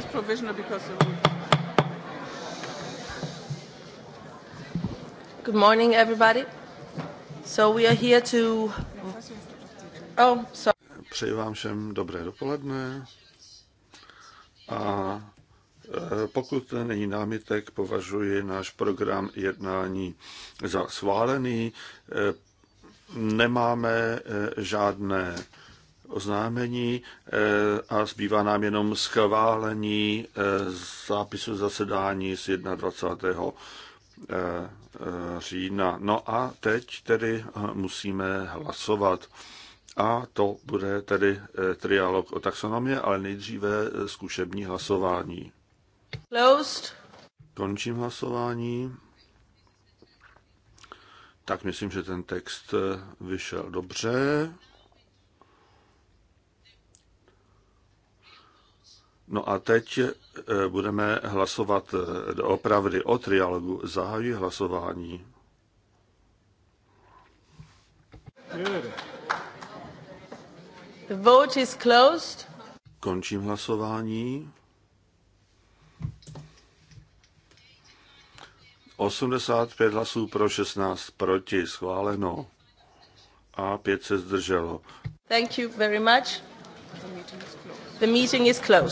that's provisional because of... Good morning, everybody. So we are here to... Oh, sorry. Přeji vám všem dobré dopoledne. A e, pokud není námitek, považuji náš program jednání za schválený. E, nemáme e, žádné oznámení eh, a zbývá nám jenom schválení eh, zápisu zasedání z 21. Eh, října. No a teď tedy musíme hlasovat. A to bude tedy trialog o taxonomie, ale nejdříve zkušební hlasování. Closed. Končím hlasování. Tak myslím, že ten text vyšel dobře. No a teď eh, budeme hlasovat eh, opravdy o trialogu. Zahajuji hlasování. The vote is closed. Končím hlasování. 85 hlasů pro 16 proti, schváleno. A 5 se zdrželo. Thank you very much. The meeting is closed.